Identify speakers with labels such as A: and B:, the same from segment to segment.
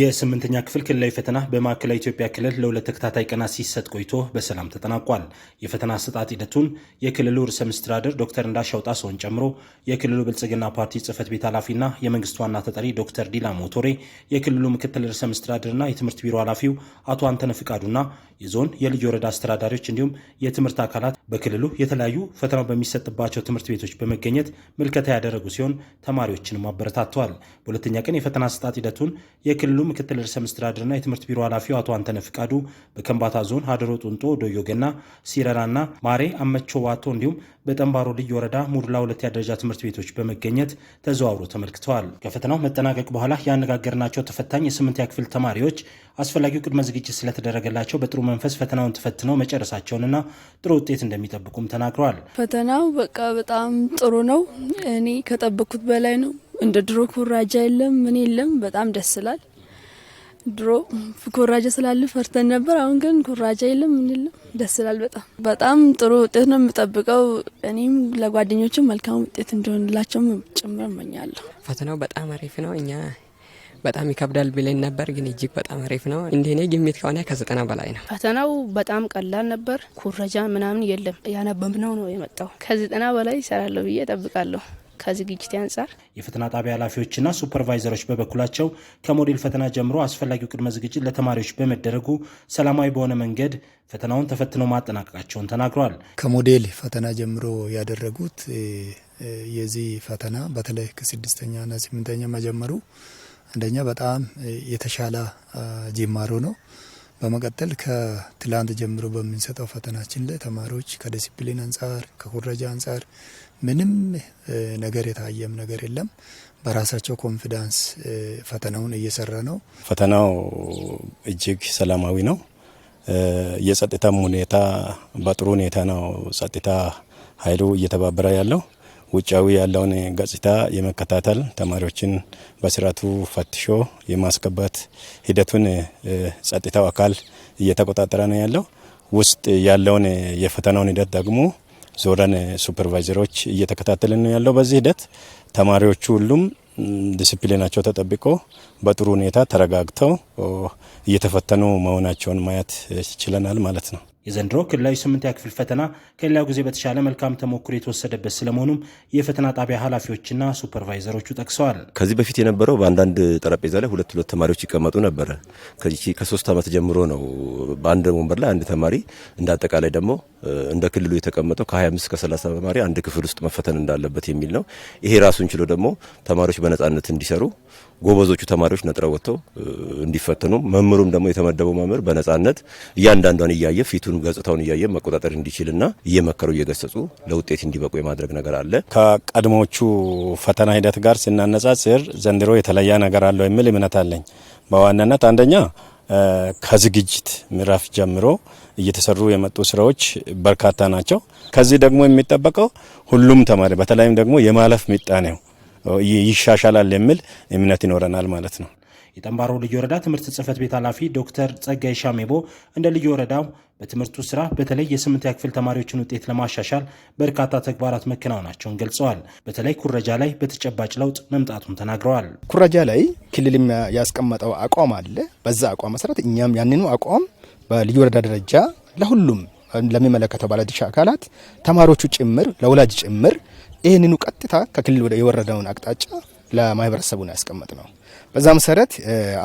A: የስምንተኛ ክፍል ክልላዊ ፈተና በማዕከላዊ ኢትዮጵያ ክልል ለሁለት ተከታታይ ቀናት ሲሰጥ ቆይቶ በሰላም ተጠናቋል። የፈተና አሰጣጥ ሂደቱን የክልሉ ርዕሰ መስተዳድር ዶክተር እንዳሻው ጣሰውን ጨምሮ የክልሉ ብልጽግና ፓርቲ ጽህፈት ቤት ኃላፊና የመንግስት ዋና ተጠሪ ዶክተር ዲላ ሞቶሬ፣ የክልሉ ምክትል ርዕሰ መስተዳድርና የትምህርት ቢሮ ኃላፊው አቶ አንተነ ፍቃዱና የዞን የልዩ ወረዳ አስተዳዳሪዎች እንዲሁም የትምህርት አካላት በክልሉ የተለያዩ ፈተናው በሚሰጥባቸው ትምህርት ቤቶች በመገኘት ምልከታ ያደረጉ ሲሆን ተማሪዎችንም አበረታተዋል። በሁለተኛ ቀን የፈተና አሰጣጥ ሂደቱን የክልሉ ምክትል ርዕሰ መስተዳድርና የትምህርት ቢሮ ኃላፊው አቶ አንተነ ፍቃዱ በከምባታ ዞን ሀደሮ ጡንጦ፣ ዶዮ ገና፣ ሲረራና ማሬ አመቾ ዋቶ እንዲሁም በጠንባሮ ልዩ ወረዳ ሙድላ ሁለተኛ ደረጃ ትምህርት ቤቶች በመገኘት ተዘዋውሮ ተመልክተዋል። ከፈተናው መጠናቀቅ በኋላ ያነጋገርናቸው ተፈታኝ የስምንተኛ ክፍል ተማሪዎች አስፈላጊው ቅድመ ዝግጅት ስለተደረገላቸው በጥሩ መንፈስ ፈተናውን ተፈትነው መጨረሳቸውንና ጥሩ ውጤት እንደሚ እንደሚጠብቁም ተናግረዋል።
B: ፈተናው በቃ በጣም ጥሩ ነው። እኔ ከጠበቅኩት በላይ ነው። እንደ ድሮ ኩራጃ የለም፣ ምን የለም። በጣም ደስ ይላል። ድሮ ኩራጃ ስላለ ፈርተን ነበር። አሁን ግን ኩራጃ የለም፣ ምን የለም። ደስ ይላል። በጣም በጣም ጥሩ ውጤት ነው የምጠብቀው። እኔም ለጓደኞችም መልካም ውጤት እንዲሆንላቸውም ጭምር እመኛለሁ።
C: ፈተናው በጣም አሪፍ ነው እኛ በጣም ይከብዳል ብለን ነበር፣ ግን እጅግ በጣም አሪፍ ነው። እንደኔ ግምት ከሆነ ከዘጠና በላይ ነው።
D: ፈተናው በጣም ቀላል ነበር። ኩረጃ ምናምን የለም። ያነበብነው ነው የመጣው። ከዘጠና በላይ ይሰራለሁ ብዬ ጠብቃለሁ። ከዝግጅት አንጻር
A: የፈተና ጣቢያ ኃላፊዎችና ሱፐርቫይዘሮች በበኩላቸው ከሞዴል ፈተና ጀምሮ አስፈላጊው ቅድመ ዝግጅት ለተማሪዎች በመደረጉ ሰላማዊ በሆነ መንገድ ፈተናውን ተፈትኖ ማጠናቀቃቸውን ተናግረዋል።
E: ከሞዴል ፈተና ጀምሮ ያደረጉት የዚህ ፈተና በተለይ ከስድስተኛና ስምንተኛ መጀመሩ አንደኛ በጣም የተሻለ ጅማሮ ነው። በመቀጠል ከትላንት ጀምሮ በምንሰጠው ፈተናችን ላይ ተማሪዎች ከዲሲፕሊን አንጻር ከኩረጃ አንጻር ምንም ነገር የታየም ነገር የለም። በራሳቸው ኮንፊዳንስ ፈተናውን እየሰራ ነው።
F: ፈተናው እጅግ ሰላማዊ ነው። የጸጥታም ሁኔታ በጥሩ ሁኔታ ነው። ጸጥታ ኃይሉ እየተባበረ ያለው ውጫዊ ያለውን ገጽታ የመከታተል ተማሪዎችን በስርዓቱ ፈትሾ የማስገባት ሂደቱን ጸጥታው አካል እየተቆጣጠረ ነው ያለው። ውስጥ ያለውን የፈተናውን ሂደት ደግሞ ዞረን ሱፐርቫይዘሮች እየተከታተል ነው ያለው። በዚህ ሂደት ተማሪዎቹ ሁሉም ዲስፕሊናቸው ተጠብቆ በጥሩ ሁኔታ ተረጋግተው እየተፈተኑ መሆናቸውን ማየት ችለናል ማለት ነው።
A: የዘንድሮ ክልላዊ ስምንተኛ ክፍል ፈተና ከሌላው ጊዜ በተሻለ መልካም ተሞክሮ የተወሰደበት ስለመሆኑም የፈተና ጣቢያ ኃላፊዎችና ሱፐርቫይዘሮቹ ጠቅሰዋል።
G: ከዚህ በፊት የነበረው በአንዳንድ ጠረጴዛ ላይ ሁለት ሁለት ተማሪዎች ይቀመጡ ነበረ። ከሶስት ዓመት ጀምሮ ነው በአንድ ወንበር ላይ አንድ ተማሪ፣ እንደ አጠቃላይ ደግሞ እንደ ክልሉ የተቀመጠው ከ25 እስከ 30 ተማሪ አንድ ክፍል ውስጥ መፈተን እንዳለበት የሚል ነው። ይሄ ራሱን ችሎ ደግሞ ተማሪዎች በነጻነት እንዲሰሩ ጎበዞቹ ተማሪዎች ነጥረው ወጥተው እንዲፈተኑ መምህሩም ደግሞ የተመደበው መምህር በነጻነት እያንዳንዷን እያየ ፊቱን ገጽታውን እያየ መቆጣጠር እንዲችልና እየመከሩ እየገሰጹ ለውጤት እንዲበቁ የማድረግ ነገር አለ።
H: ከቀድሞቹ ፈተና ሂደት ጋር ስናነጻጽር ዘንድሮ የተለየ ነገር አለው የሚል እምነት አለኝ። በዋናነት አንደኛ ከዝግጅት ምዕራፍ ጀምሮ እየተሰሩ የመጡ ስራዎች በርካታ ናቸው። ከዚህ ደግሞ የሚጠበቀው ሁሉም ተማሪ በተለይም ደግሞ የማለፍ ምጣኔው ይሻሻላል የሚል እምነት ይኖረናል ማለት ነው።
A: የጠንባሮ ልዩ ወረዳ ትምህርት ጽህፈት ቤት ኃላፊ ዶክተር ጸጋይ ሻሜቦ እንደ ልዩ ወረዳው በትምህርቱ ስራ በተለይ የስምንተኛ ክፍል ተማሪዎችን ውጤት ለማሻሻል በርካታ ተግባራት መከናወናቸውን ገልጸዋል። በተለይ ኩረጃ ላይ በተጨባጭ ለውጥ መምጣቱን ተናግረዋል።
I: ኩረጃ ላይ ክልል ያስቀመጠው አቋም አለ። በዛ አቋም መሰረት እኛም ያንኑ አቋም በልዩ ወረዳ ደረጃ ለሁሉም ለሚመለከተው ባለድርሻ አካላት ተማሪዎቹ ጭምር ለወላጅ ጭምር ይህንኑ ቀጥታ ከክልል ወደ የወረደውን አቅጣጫ ለማህበረሰቡ ነው ያስቀመጥ ነው። በዛ መሰረት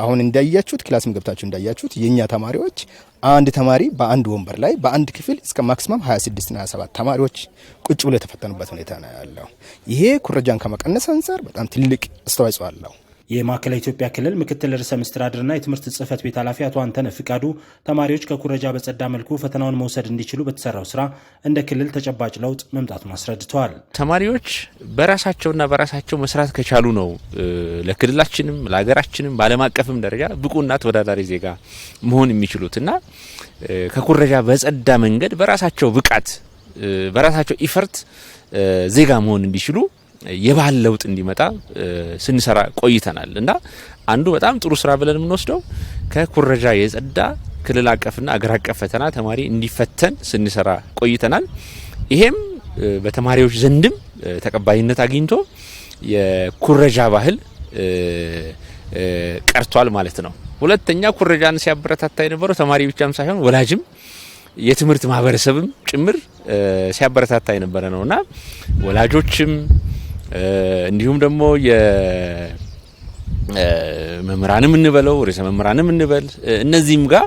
I: አሁን እንዳያችሁት ክላስም ገብታችሁ እንዳያችሁት የእኛ ተማሪዎች አንድ ተማሪ በአንድ ወንበር ላይ በአንድ ክፍል እስከ ማክሲማም 26 እና 27 ተማሪዎች ቁጭ ብሎ የተፈተኑበት ሁኔታ ነው ያለው። ይሄ ኩረጃን ከመቀነስ አንጻር በጣም ትልቅ አስተዋጽኦ አለው።
A: የማዕከላዊ ኢትዮጵያ ክልል ምክትል ርዕሰ መስተዳድርና የትምህርት ጽህፈት ቤት ኃላፊ አቶ አንተነህ ፍቃዱ ተማሪዎች ከኩረጃ በጸዳ መልኩ ፈተናውን መውሰድ እንዲችሉ በተሰራው ስራ እንደ ክልል ተጨባጭ ለውጥ መምጣቱን አስረድተዋል።
J: ተማሪዎች በራሳቸውና በራሳቸው መስራት ከቻሉ ነው ለክልላችንም ለሀገራችንም በዓለም አቀፍም ደረጃ ብቁና ተወዳዳሪ ዜጋ መሆን እና ከኩረጃ በጸዳ መንገድ በራሳቸው ብቃት በራሳቸው ኢፈርት ዜጋ መሆን እንዲችሉ የባህል ለውጥ እንዲመጣ ስንሰራ ቆይተናል እና አንዱ በጣም ጥሩ ስራ ብለን የምንወስደው ከኩረጃ የጸዳ ክልል አቀፍና አገር አቀፍ ፈተና ተማሪ እንዲፈተን ስንሰራ ቆይተናል። ይሄም በተማሪዎች ዘንድም ተቀባይነት አግኝቶ የኩረጃ ባህል ቀርቷል ማለት ነው። ሁለተኛ ኩረጃን ሲያበረታታ የነበረው ተማሪ ብቻም ሳይሆን ወላጅም የትምህርት ማህበረሰብም ጭምር ሲያበረታታ የነበረ እና ወላጆችም እንዲሁም ደግሞ የመምህራንም እንበለው ርዕሰ መምህራንም እንበል እነዚህም ጋር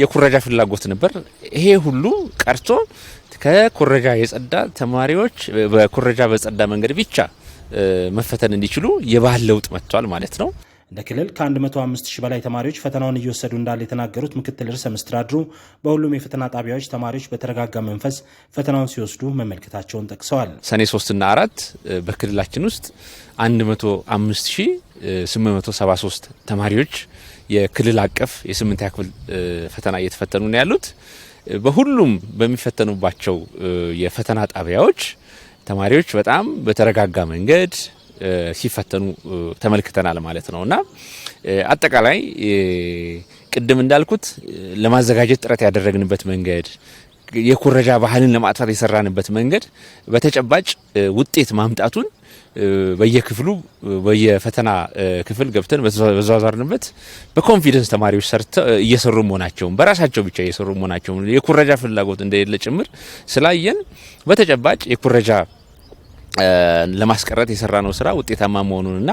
J: የኩረጃ ፍላጎት ነበር። ይሄ ሁሉ ቀርቶ ከኩረጃ የጸዳ ተማሪዎች በኩረጃ በጸዳ መንገድ ብቻ መፈተን እንዲችሉ የባህል ለውጥ መጥቷል ማለት ነው።
A: እንደ ክልል ከ105 ሺህ በላይ ተማሪዎች ፈተናውን እየወሰዱ እንዳለ የተናገሩት ምክትል ርዕሰ መስተዳድሩ በሁሉም የፈተና ጣቢያዎች ተማሪዎች በተረጋጋ መንፈስ ፈተናውን ሲወስዱ መመልከታቸውን ጠቅሰዋል።
K: ሰኔ 3 እና 4 በክልላችን ውስጥ 105873 ተማሪዎች የክልል አቀፍ የስምንተኛ ክፍል ፈተና እየተፈተኑ ነው ያሉት። በሁሉም በሚፈተኑባቸው የፈተና ጣቢያዎች ተማሪዎች በጣም በተረጋጋ መንገድ ሲፈተኑ ተመልክተናል ማለት ነው እና አጠቃላይ ቅድም እንዳልኩት ለማዘጋጀት ጥረት ያደረግንበት መንገድ የኩረጃ ባህልን ለማጥፋት የሰራንበት መንገድ በተጨባጭ ውጤት ማምጣቱን በየክፍሉ በየፈተና ክፍል ገብተን በተዘዋወርንበት በኮንፊደንስ ተማሪዎች ሰርተው እየሰሩ መሆናቸውን በራሳቸው ብቻ እየሰሩ መሆናቸውን የኩረጃ ፍላጎት እንደሌለ ጭምር ስላየን በተጨባጭ የኩረጃ ለማስቀረት የሰራነው ስራ ውጤታማ መሆኑንና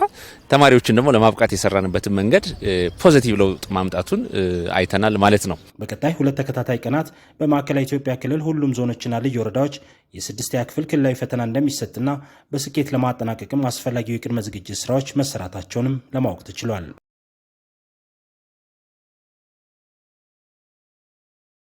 K: ተማሪዎችን ደግሞ ለማብቃት የሰራንበትን መንገድ ፖዘቲቭ ለውጥ ማምጣቱን አይተናል ማለት ነው።
A: በቀጣይ ሁለት ተከታታይ ቀናት በማዕከላዊ ኢትዮጵያ ክልል ሁሉም ዞኖችና ልዩ ወረዳዎች የስድስተኛ ክፍል ክልላዊ ፈተና እንደሚሰጥና በስኬት ለማጠናቀቅም አስፈላጊው የቅድመ ዝግጅት ስራዎች መሰራታቸውንም ለማወቅ ተችሏል።